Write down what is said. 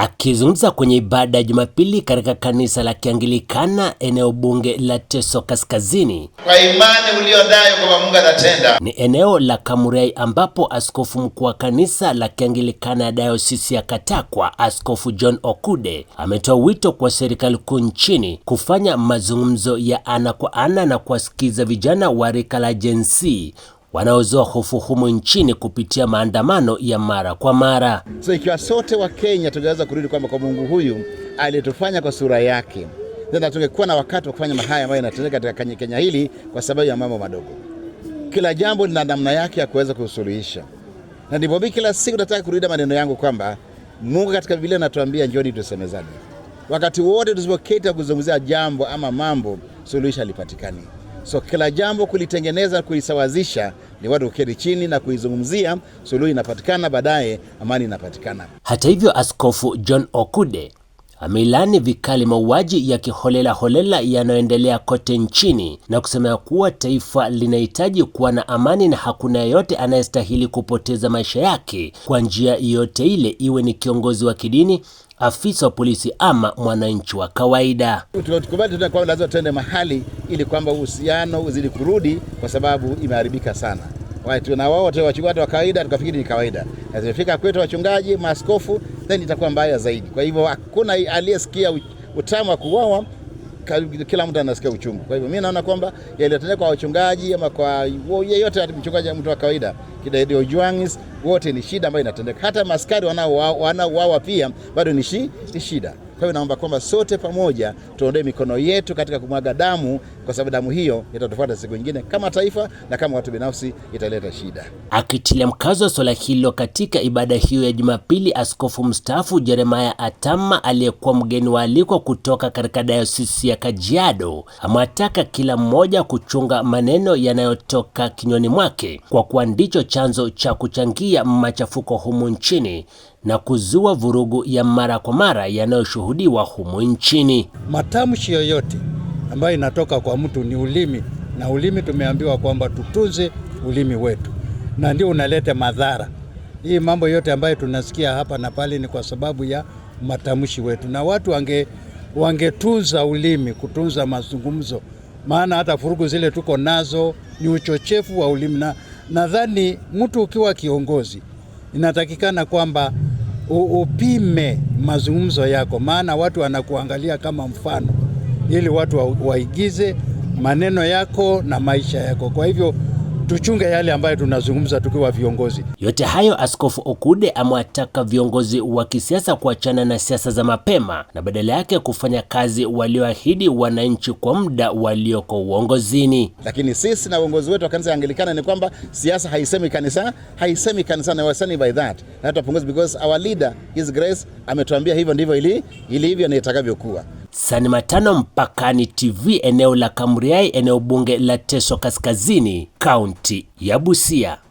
Akizungumza kwenye ibada ya Jumapili katika kanisa la Kianglikana eneo bunge la Teso Kaskazini, kwa imani ulionayo kwamba Mungu anatenda, ni eneo la Kamurei ambapo askofu mkuu wa kanisa la Kianglikana ya Dayosisi ya Katakwa, Askofu John Okude ametoa wito kwa serikali kuu nchini kufanya mazungumzo ya ana kwa ana na kuwasikiza vijana wa rika la Gen wanaozoa hofu humo nchini kupitia maandamano ya mara kwa mara. So ikiwa sote wa Kenya tungeweza kurudi kwamba kwa Mungu huyu aliyetufanya kwa sura yake, na tungekuwa na wakati wa kufanya mahaya ambayo yanatendeka katika Kenya hili, kwa sababu ya mambo madogo. Kila jambo lina namna yake ya kuweza kusuluhisha, na ndipo mimi kila siku nataka kurudia maneno yangu kwamba Mungu katika Biblia anatuambia njoni tusemezane. Wakati wote tusipoketi kuzungumzia jambo ama mambo, suluhisha alipatikani So kila jambo kulitengeneza kuisawazisha kulisawazisha ni watu kuketi chini na kuizungumzia, suluhu inapatikana, baadaye amani inapatikana. Hata hivyo, Askofu John Okude amelaani vikali mauaji ya kiholela holela yanayoendelea kote nchini na kusema kuwa taifa linahitaji kuwa na amani na hakuna yeyote anayestahili kupoteza maisha yake kwa njia yoyote ile, iwe ni kiongozi wa kidini, afisa wa polisi ama mwananchi wa kawaida. Tukubali lazima tuende mahali ili kwamba uhusiano uzidi kurudi, kwa sababu imeharibika sana watu na wao wote wachungaji wa kawaida, tukafikiri ni kawaida, na zimefika kwetu wachungaji, maaskofu, then itakuwa mbaya zaidi. Kwa hivyo hakuna aliyesikia utamu wa kuuawa, kila mtu anasikia uchungu. Kwa hivyo mimi naona kwamba yaliyotendeka kwa wachungaji ama kwa yeyote mchungaji, mtu wa kawaida, Kidede Ojwang, wote ni shida ambayo inatendeka. Hata maskari wanaouawa pia bado ni shida. Kwa hiyo naomba kwamba sote pamoja tuondoe mikono yetu katika kumwaga damu, kwa sababu damu hiyo itatufuata siku nyingine kama taifa na kama watu binafsi, italeta shida. Akitilia mkazo wa swala hilo katika ibada hiyo ya Jumapili, askofu mstaafu jeremaya Atama aliyekuwa mgeni waalikwa kutoka katika dayosisi ya Kajiado amewataka kila mmoja kuchunga maneno yanayotoka kinywani mwake kwa kuwa ndicho chanzo cha kuchangia machafuko humu nchini na kuzua vurugu ya mara kwa mara yanayoshuhudiwa humu nchini. Matamshi yoyote ambayo inatoka kwa mtu ni ulimi, na ulimi tumeambiwa kwamba tutunze ulimi wetu, na ndio unaleta madhara. Hii mambo yote ambayo tunasikia hapa na pale ni kwa sababu ya matamshi wetu, na watu wange wangetunza ulimi, kutunza mazungumzo, maana hata furugu zile tuko nazo ni uchochefu wa ulimi, na nadhani mtu ukiwa kiongozi inatakikana kwamba upime mazungumzo yako, maana watu wanakuangalia kama mfano, ili watu waigize maneno yako na maisha yako. Kwa hivyo tuchunge yale ambayo tunazungumza tukiwa viongozi. Yote hayo Askofu Okude amewataka viongozi wa kisiasa kuachana na siasa za mapema na badala yake kufanya kazi walioahidi wananchi kwa muda walioko uongozini. Lakini sisi na uongozi wetu wa kanisa Anglikana ni kwamba siasa haisemi kanisa, haisemi kanisa na wasani by that. Na because our leader his grace ametuambia hivyo ndivyo ili, ili hivyo na itakavyokuwa sani matano mpakani TV eneo la Kamuriai, eneo bunge la Teso Kaskazini, kaunti ya Busia.